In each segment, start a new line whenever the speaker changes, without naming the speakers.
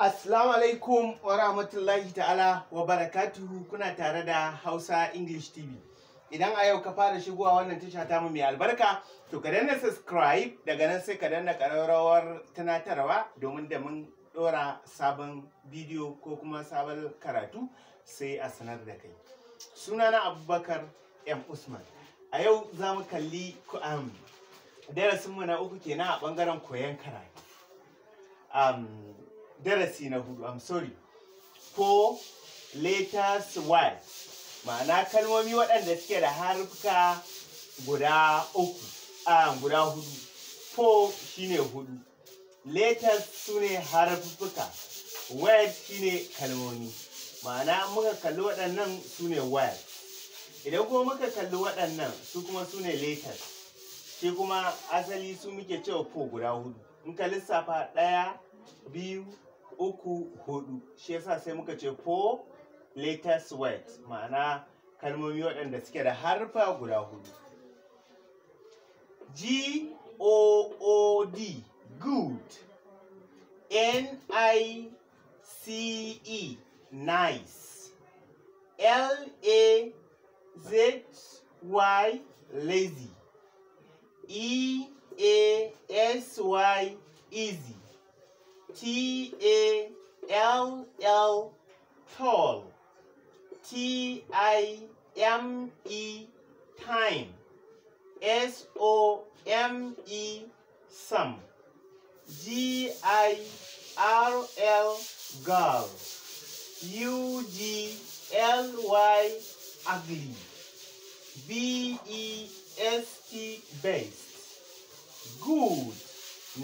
Assalamu alaikum wa rahmatullahi ta'ala wa barakatuhu kuna tare da Hausa English TV. Idan a yau ka fara shigowa wannan tasha ta mu mai albarka, to ka danna subscribe daga nan sai ka danna ƙararrawar tunatarwa domin da mun ɗora sabon bidiyo ko kuma sabon karatu sai a sanar da kai. Sunana Abubakar M. Usman. A yau za mu kalli um, darasinmu na uku kenan a ɓangaren koyon karatu. Um, darasi na hudu I'm sorry ko letters Y. ma'ana kalmomi waɗanda suke da harfuka guda uku a guda hudu Ko shine hudu letters sune harfuka Y shine kalmomi ma'ana muka kalli waɗannan sune Y. idan kuma muka kalli waɗannan su kuma sune letters shi kuma asali su muke cewa fo guda hudu in ka lissafa ɗaya biyu uku hudu shi yasa sai muka ce four letters words ma'ana kalmomi waɗanda suke da harfa guda hudu G O O D good N I C E nice L A Z Y lazy E A S Y easy T A L L tall. T I M E time. S O M E some. G I R L girl. U G L Y ugly. B E S T based. Good.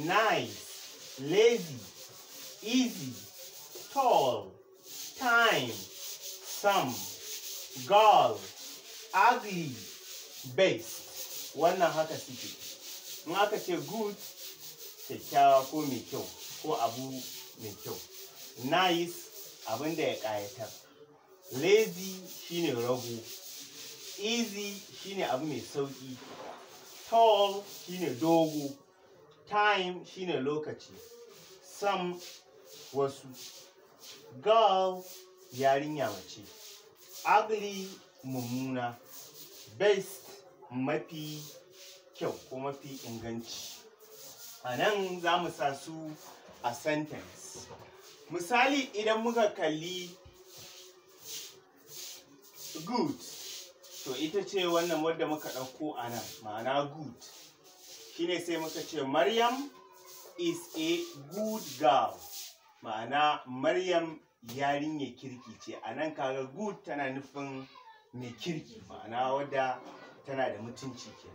Nice. Lazy. easy, tall, time, some, girl, ugly, base Wannan haka suke. In aka ce good, kyakkyawa ko mai kyau, ko abu mai kyau. Nice, abin da ya ƙayatar. Lazy shine rago. Easy shine abu mai sauƙi. Tall shine dogo. Time shine lokaci. Some wasu girl yarinya mace ugly mumuna, best mafi kyau ko mafi inganci a nan za mu sa su a sentence misali idan muka kalli good to ita ce wannan wadda muka ɗauko a nan ma'ana good shine sai muka ce maryam is a good girl ma'ana maryam yarinyar kirki ce a nan kaga good tana nufin mai kirki ma'ana wadda tana da mutunci ke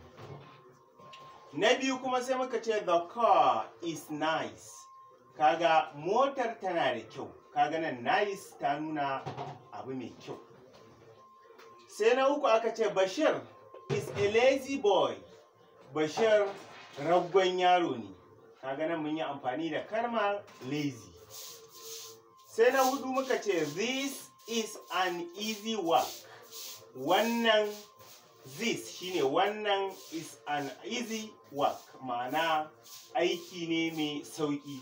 na biyu kuma sai muka ce the car is nice kaga motar tana da kyau kaga nan nice ta nuna abu mai kyau sai na uku aka ce bashir is a lazy boy bashir raggon yaro ne kaga nan mun yi amfani da karma lazy sai na hudu muka ce this is an easy work wannan this shine wannan is an easy work ma'ana aiki ne mai sauƙi,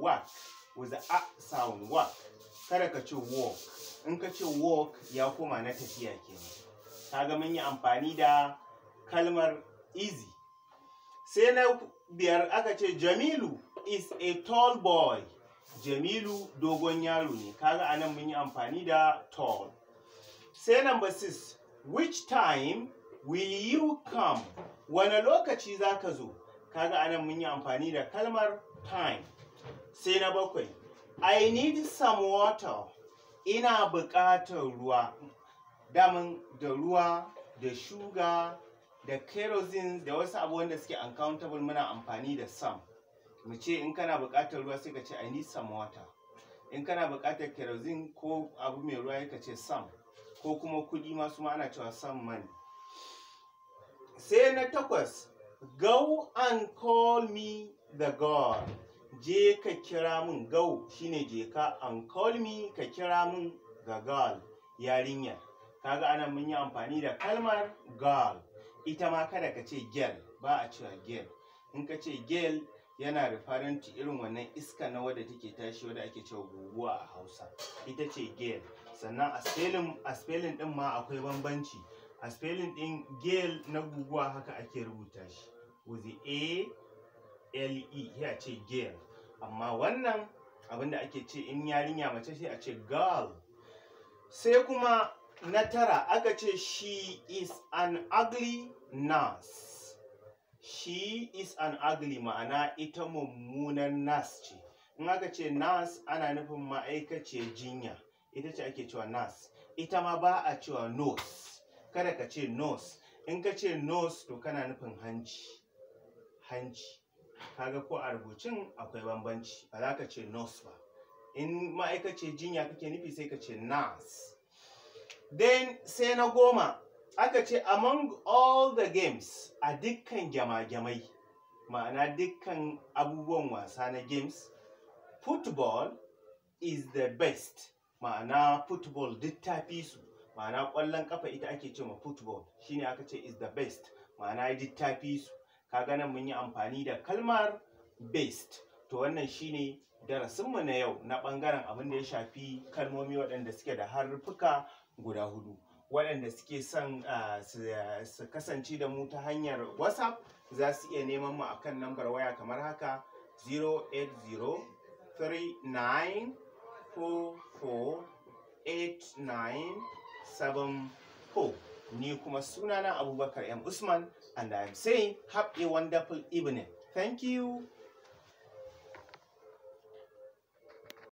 work with a sound work kada ka ce walk in ka ce walk ya kuma na tafiya kenan kaga mun yi amfani da kalmar easy sai na biyar aka ce jamilu is a tall boy jamilu dogon yaro ne kaga anan mun yi amfani da tall sai number 6 which time will you come wane lokaci za ka zo kaga anan mun yi amfani da kalmar time sai na bakwai i need some water ina buƙatar ruwa damin da ruwa da shuga da kerosene da wasu abubuwan da suke uncountable muna amfani da some mu ce in kana buƙatar ruwa sai ka ce i need some in kana buƙatar kerosene ko abu mai ruwa ka ce sam ko kuma kuɗi ma su ma ana cewa sam money sai na takwas go and call me the god je ka kira mun go shine je ka and call me ka kira mun the god yarinya kaga anan mun yi amfani da kalmar girl ita ma kada ka ce girl ba a cewa girl in ka ce girl yana referring to irin wannan iska na wadda take tashi wadda ake cewa guguwa a hausa ita ce gale sannan a spelling din ma akwai bambanci a spelling din gale na guguwa haka ake rubuta shi with a l e ya ce gale amma wannan abinda ake ce in yarinya mace sai a ce girl sai kuma na tara aka ce she is an ugly nurse she is an ugly ma'ana ita mummunan nas ce in aka ce nas ana nufin ma'aikace jinya ita ce ake cewa nas ita ma ba a cewa nose kada ka ce nose in ka ce nose to kana nufin hanci hanci kaga ko a rubucin akwai bambanci ba za ka ce nose ba in ma'aikace jinya kake nufi sai ka ce nas then sai na goma aka ce among all the games a dukkan gyama-gyamai ma'ana dukkan abubuwan wasa na games football is the best ma'ana football duk ta fi su ma'ana ƙwallon ƙafa ita ake ce ma football shine aka ce is the best ma'ana duk ta fi su Ka ganin mun yi amfani da kalmar best to wannan shine darasinmu na yau na bangaren abin da ya shafi kalmomi waɗanda suke da harfuka guda hudu waɗanda suke son su kasance da mu ta hanyar whatsapp za su iya neman mu akan nambar waya kamar haka 08039448974 ni kuma sunana abubakar m usman and i am saying have a wonderful evening thank you